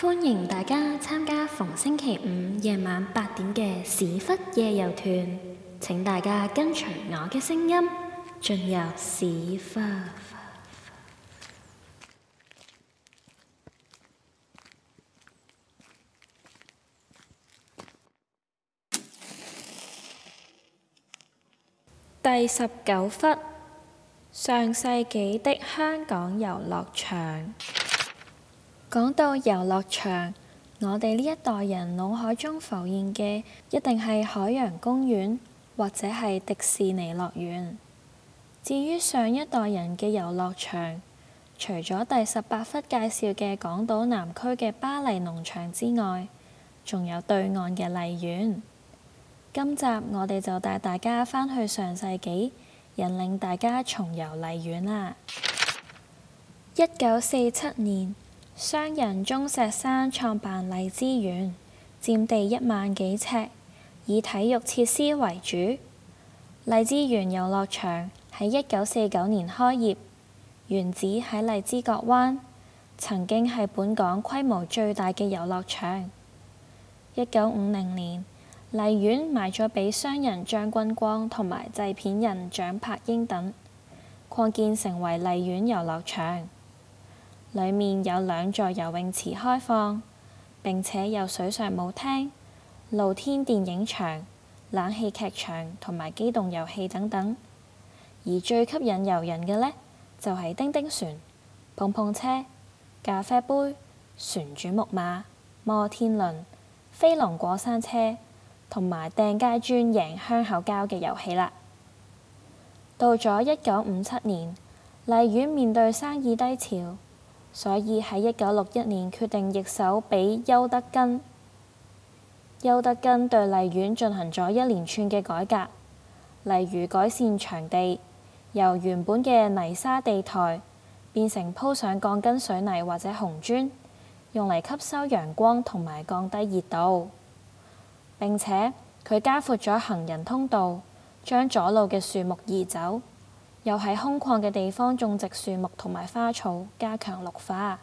歡迎大家參加逢星期五夜晚八點嘅史窟夜遊團。請大家跟隨我嘅聲音進入史窟。第十九窟：上世紀的香港遊樂場。講到遊樂場，我哋呢一代人腦海中浮現嘅一定係海洋公園或者係迪士尼樂園。至於上一代人嘅遊樂場，除咗第十八窟介紹嘅港島南區嘅巴黎農場之外，仲有對岸嘅荔園。今集我哋就帶大家翻去上世紀，引領大家重遊荔園啦。一九四七年。商人鐘石山創辦荔枝園，佔地一萬幾尺，以體育設施為主。荔枝園遊樂場喺一九四九年開業，原址喺荔枝角灣，曾經係本港規模最大嘅遊樂場。一九五零年，荔園賣咗俾商人張君光同埋製片人蔣柏英等，擴建成為荔園遊樂場。裏面有兩座游泳池開放，並且有水上舞廳、露天電影場、冷氣劇場同埋機動遊戲等等。而最吸引遊人嘅呢，就係叮叮船、碰碰車、咖啡杯、旋轉木馬、摩天輪、飛龍過山車同埋掟街磚贏香口膠嘅遊戲啦。到咗一九五七年，荔園面對生意低潮。所以喺一九六一年決定易手俾邱德根。邱德根對荔園進行咗一連串嘅改革，例如改善場地，由原本嘅泥沙地台變成鋪上鋼筋水泥或者紅磚，用嚟吸收陽光同埋降低熱度。並且佢加闊咗行人通道，將阻路嘅樹木移走。又喺空曠嘅地方種植樹木同埋花草，加強綠化。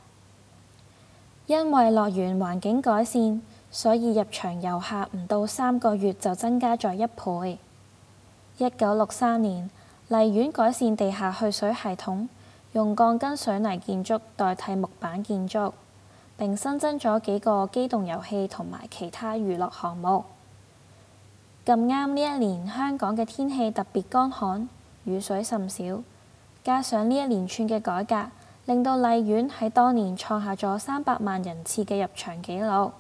因為樂園環境改善，所以入場遊客唔到三個月就增加咗一倍。一九六三年，荔園改善地下去水系統，用鋼筋水泥建築代替木板建築，並新增咗幾個機動遊戲同埋其他娛樂項目。咁啱呢一年，香港嘅天氣特別乾旱。雨水甚少，加上呢一連串嘅改革，令到荔園喺當年創下咗三百萬人次嘅入場紀錄。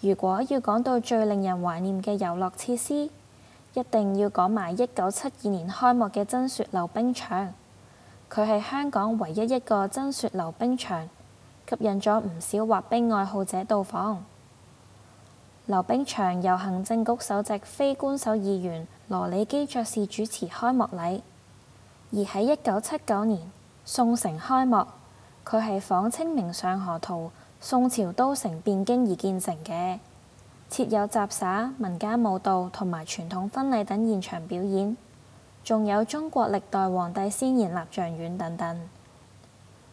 如果要講到最令人懷念嘅遊樂設施，一定要講埋一九七二年開幕嘅真雪溜冰場。佢係香港唯一一個真雪溜冰場，吸引咗唔少滑冰愛好者到訪。溜冰場由行政局首席非官守議員羅里基爵士主持開幕禮，而喺一九七九年，宋城開幕。佢係仿《清明上河圖》宋朝都城汴京而建成嘅，設有雜耍、民間舞蹈同埋傳統婚禮等現場表演，仲有中國歷代皇帝先賢蠟像院等等。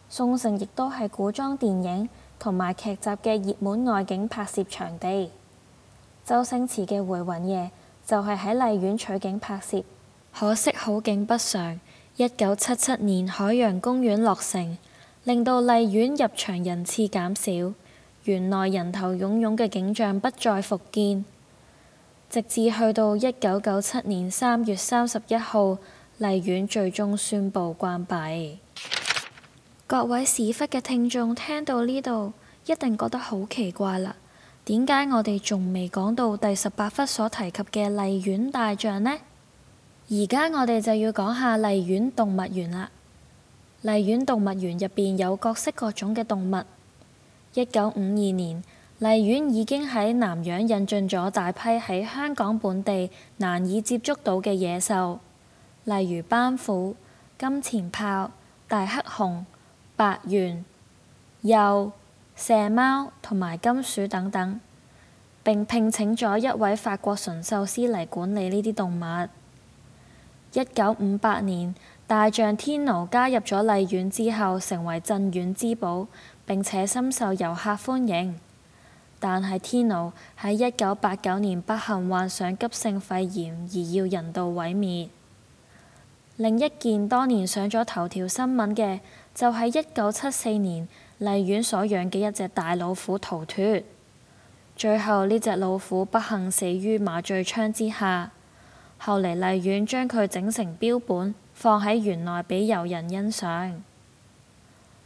宋城亦都係古裝電影同埋劇集嘅熱門外景拍攝場地，周星馳嘅《回魂夜》，就係喺荔園取景拍攝，可惜好景不常。一九七七年海洋公園落成，令到荔園入場人次減少，園內人頭湧湧嘅景象不再復見，直至去到一九九七年三月三十一號，荔園最終宣布關閉。各位史窟嘅聽眾聽到呢度，一定覺得好奇怪啦～點解我哋仲未講到第十八窟所提及嘅荔園大象呢？而家我哋就要講下荔園動物園啦。荔園動物園入邊有各式各種嘅動物。一九五二年，荔園已經喺南洋引進咗大批喺香港本地難以接觸到嘅野獸，例如斑虎、金錢豹、大黑熊、白猿、幼蛇貓同埋金鼠等等，並聘請咗一位法國馴獸師嚟管理呢啲動物。一九五八年，大象天奴加入咗荔園之後，成為鎮園之寶，並且深受遊客歡迎。但係天奴喺一九八九年不幸患上急性肺炎，而要人道毀滅。另一件當年上咗頭條新聞嘅，就喺一九七四年。荔園所養嘅一隻大老虎逃脫，最後呢隻老虎不幸死於麻醉槍之下。後嚟荔園將佢整成標本，放喺園內俾遊人欣賞。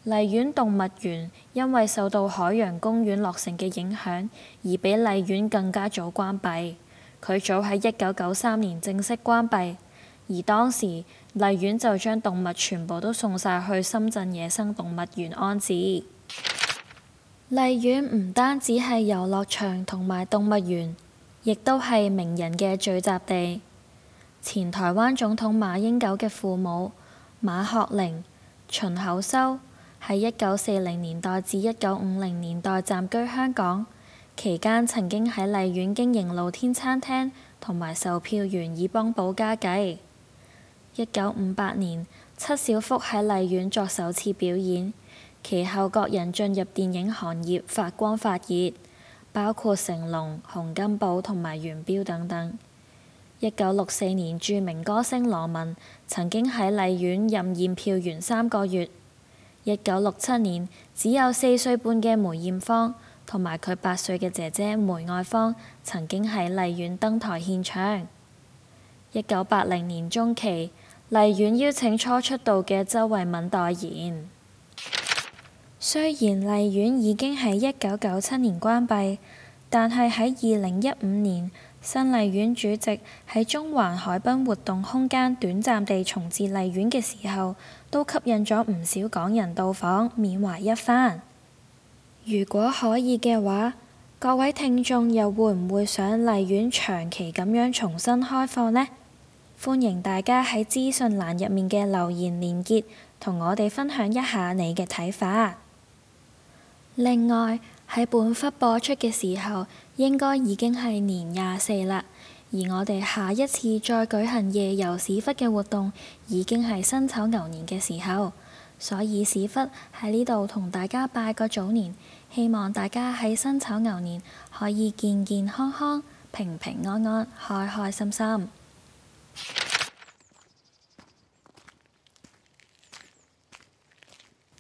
荔園動物園因為受到海洋公園落成嘅影響，而比荔園更加早關閉。佢早喺一九九三年正式關閉。而當時荔園就將動物全部都送晒去深圳野生動物園安置。荔園唔單止係遊樂場同埋動物園，亦都係名人嘅聚集地。前台灣總統馬英九嘅父母馬鶴凌、秦厚修喺一九四零年代至一九五零年代暫居香港期間，曾經喺荔園經營露天餐廳同埋售票員，以幫補家計。一九五八年，七小福喺荔園作首次表演，其後各人進入電影行業發光發熱，包括成龍、洪金寶同埋元彪等等。一九六四年，著名歌星羅文曾經喺荔園任驗票員三個月。一九六七年，只有四歲半嘅梅艷芳同埋佢八歲嘅姐姐梅愛芳曾經喺荔園登台獻唱。一九八零年中期。荔園邀請初出道嘅周慧敏代言。雖然荔園已經喺一九九七年關閉，但係喺二零一五年新荔園主席喺中環海濱活動空間短暫地重置荔園嘅時候，都吸引咗唔少港人到訪，緬懷一番。如果可以嘅話，各位聽眾又會唔會想荔園長期咁樣重新開放呢？歡迎大家喺資訊欄入面嘅留言連結，同我哋分享一下你嘅睇法。另外，喺本窟播出嘅時候，應該已經係年廿四啦。而我哋下一次再舉行夜遊史窟嘅活動，已經係辛丑牛年嘅時候，所以史窟喺呢度同大家拜個早年，希望大家喺辛丑牛年可以健健康康、平平安安、開開心心。